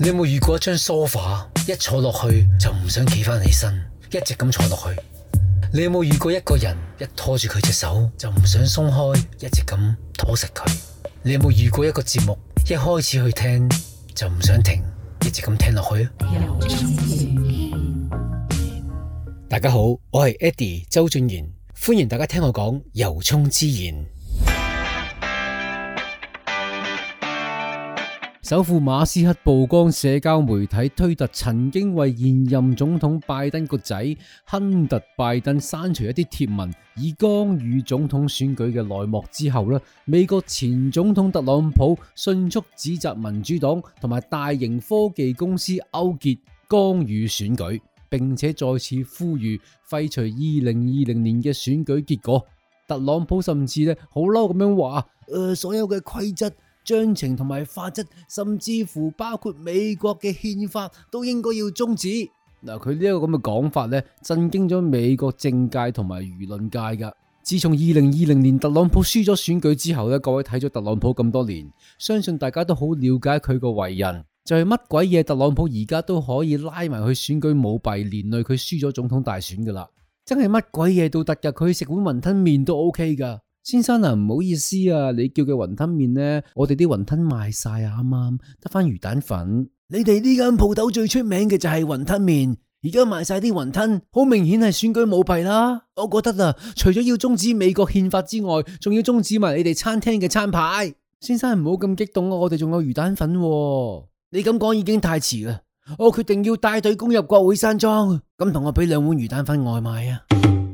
你有冇遇過一張 sofa，一坐落去就唔想企翻起身，一直咁坐落去？你有冇遇過一個人，一拖住佢隻手就唔想鬆開，一直咁拖實佢？你有冇遇過一個節目，一開始去聽就唔想停，一直咁聽落去啊？大家好，我係 Eddie 周俊賢，歡迎大家聽我講由衷之言。首富馬斯克曝光社交媒體推特曾經為現任總統拜登個仔亨特拜登刪除一啲貼文，以干預總統選舉嘅內幕之後咧，美國前總統特朗普迅速指責民主黨同埋大型科技公司勾結干預選舉，並且再次呼籲廢除二零二零年嘅選舉結果。特朗普甚至咧好嬲咁樣話：誒、呃，所有嘅規則。章程同埋法則，甚至乎包括美國嘅憲法，都應該要終止。嗱，佢呢一個咁嘅講法咧，震驚咗美國政界同埋輿論界噶。自從二零二零年特朗普輸咗選舉之後咧，各位睇咗特朗普咁多年，相信大家都好了解佢個為人，就係乜鬼嘢特朗普而家都可以拉埋去選舉舞弊，連累佢輸咗總統大選噶啦，真係乜鬼嘢到特日佢食碗雲吞麵都 OK 噶。先生啊，唔好意思啊，你叫嘅雲吞麵呢，我哋啲雲吞賣晒啊，啱啱得翻魚蛋粉。你哋呢間鋪頭最出名嘅就係雲吞麵，而家賣晒啲雲吞，好明顯係選舉舞弊啦。我覺得啊，除咗要終止美國憲法之外，仲要終止埋你哋餐廳嘅餐牌。先生唔好咁激動啊，我哋仲有魚蛋粉啊。你咁講已經太遲啦，我決定要帶隊攻入國會山莊。咁同我俾兩碗魚蛋粉外賣啊！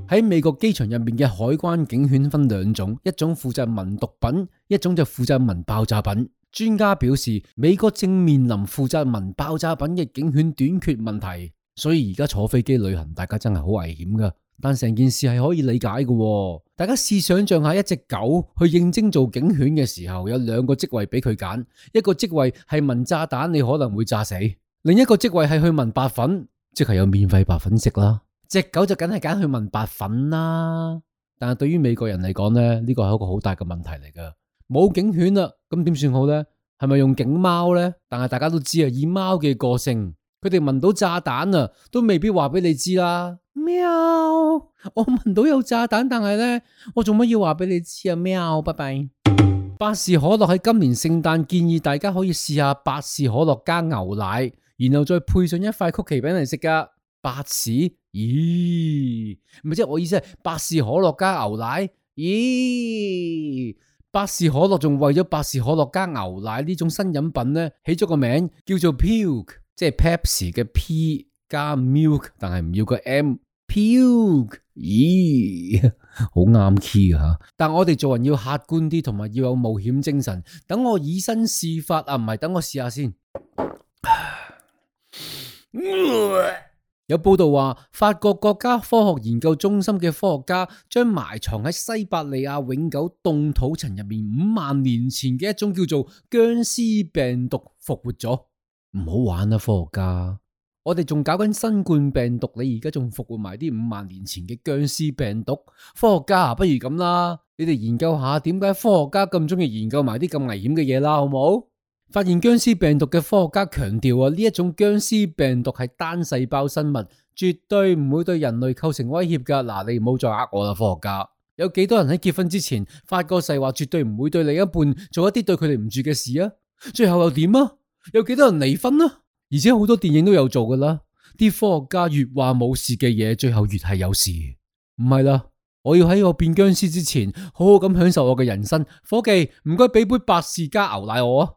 喺美國機場入面嘅海關警犬分兩種，一種負責聞毒品，一種就負責聞爆炸品。專家表示，美國正面臨負責聞爆炸品嘅警犬短缺問題，所以而家坐飛機旅行，大家真係好危險噶。但成件事係可以理解嘅喎。大家試想象下，一隻狗去應徵做警犬嘅時候，有兩個職位俾佢揀，一個職位係聞炸彈，你可能會炸死；另一個職位係去聞白粉，即係有免費白粉食啦。隻狗就梗係揀去聞白粉啦，但係對於美國人嚟講咧，呢個係一個好大嘅問題嚟噶。冇警犬啦、啊，咁點算好咧？係咪用警貓咧？但係大家都知啊，以貓嘅個性，佢哋聞到炸彈啊，都未必話畀你知啦。喵，我聞到有炸彈，但係咧，我做乜要話畀你知啊？喵，拜拜。百事可樂喺今年聖誕建議大家可以試下百事可樂加牛奶，然後再配上一塊曲奇餅嚟食噶。百事。咦，咪即係我意思係百事可樂加牛奶？咦，百事可樂仲為咗百事可樂加牛奶呢種新飲品呢，起咗個名叫做 Pilk，即係 Pepsi 嘅 P 加 milk，但係唔要個 M，Pilk。咦，好啱 key 啊！但我哋做人要客觀啲，同埋要有冒險精神。等我以身試法啊，唔係等我試下先。 有報道話，法國國家科學研究中心嘅科學家將埋藏喺西伯利亞永久凍土層入面五萬年前嘅一種叫做殭屍病毒復活咗，唔好玩喇！科學家，我哋仲搞緊新冠病毒，你而家仲復活埋啲五萬年前嘅殭屍病毒？科學家不如咁啦，你哋研究下點解科學家咁鍾意研究埋啲咁危險嘅嘢啦，好冇？發現僵屍病毒嘅科學家強調啊，呢一種僵屍病毒係單細胞生物，絕對唔會對人類構成威脅噶。嗱、啊，你唔好再呃我啦，科學家。有幾多人喺結婚之前發過誓，話絕對唔會對另一半做一啲對佢哋唔住嘅事啊？最後又點啊？有幾多人離婚啦、啊？而且好多電影都有做噶啦。啲科學家越話冇事嘅嘢，最後越係有事。唔係啦，我要喺我變僵屍之前，好好咁享受我嘅人生。伙計，唔該俾杯百事加牛奶我啊！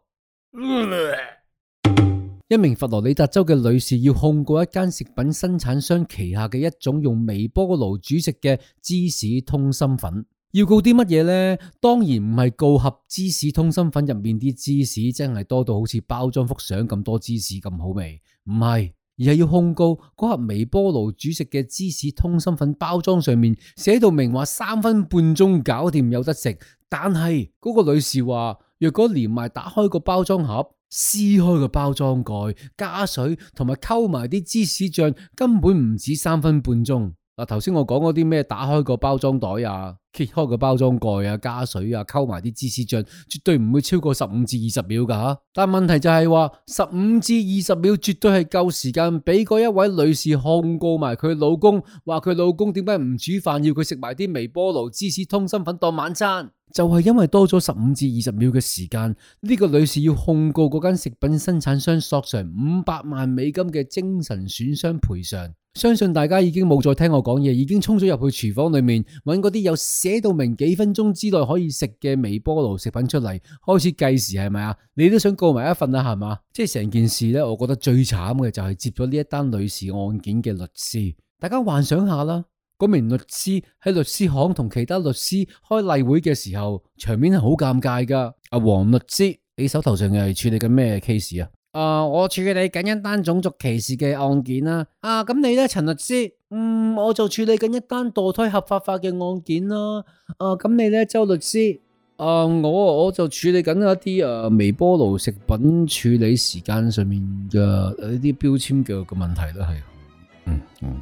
一名佛羅里達州嘅女士要控告一間食品生產商旗下嘅一種用微波爐煮食嘅芝士通心粉，要告啲乜嘢呢？當然唔係告盒芝士通心粉入面啲芝士真係多到好似包裝幅相咁多芝士咁好味，唔係，而係要控告嗰盒微波爐煮食嘅芝士通心粉包裝上面寫到明話三分半鐘搞掂有得食，但係嗰個女士話。若果連埋打開個包裝盒，撕開個包裝蓋，加水同埋溝埋啲芝士醬，根本唔止三分半鐘。嗱、啊，頭先我講嗰啲咩，打開個包裝袋啊，揭開個包裝蓋啊，加水啊、溝埋啲芝士醬，絕對唔會超過十五至二十秒噶，啊。但係問題就係話，十五至二十秒絕對係夠時間俾嗰一位女士控告埋佢老公，話佢老公點解唔煮飯，要佢食埋啲微波爐芝士通心粉當晚餐。就係因為多咗十五至二十秒嘅時間，呢個女士要控告嗰間食品生產商索償五百萬美金嘅精神損傷賠償。相信大家已經冇再聽我講嘢，已經衝咗入去廚房裏面揾嗰啲有寫到明幾分鐘之內可以食嘅微波爐食品出嚟，開始計時係咪啊？你都想告埋一份啊，係嘛？即係成件事呢，我覺得最慘嘅就係接咗呢一單女士案件嘅律師，大家幻想下啦。嗰名律師喺律師行同其他律師開例會嘅時候，場面係好尷尬㗎。阿黃律師，你手頭上係處理緊咩 case 啊？誒、呃，我處理緊一單種族歧視嘅案件啦。啊，咁你咧陳律師，嗯，我就處理緊一單墮胎合法化嘅案件啦。啊，咁你咧周律師，啊、呃，我我就處理緊一啲誒微波爐食品處理時間上面嘅一啲標籤嘅個問題啦，係嗯嗯。嗯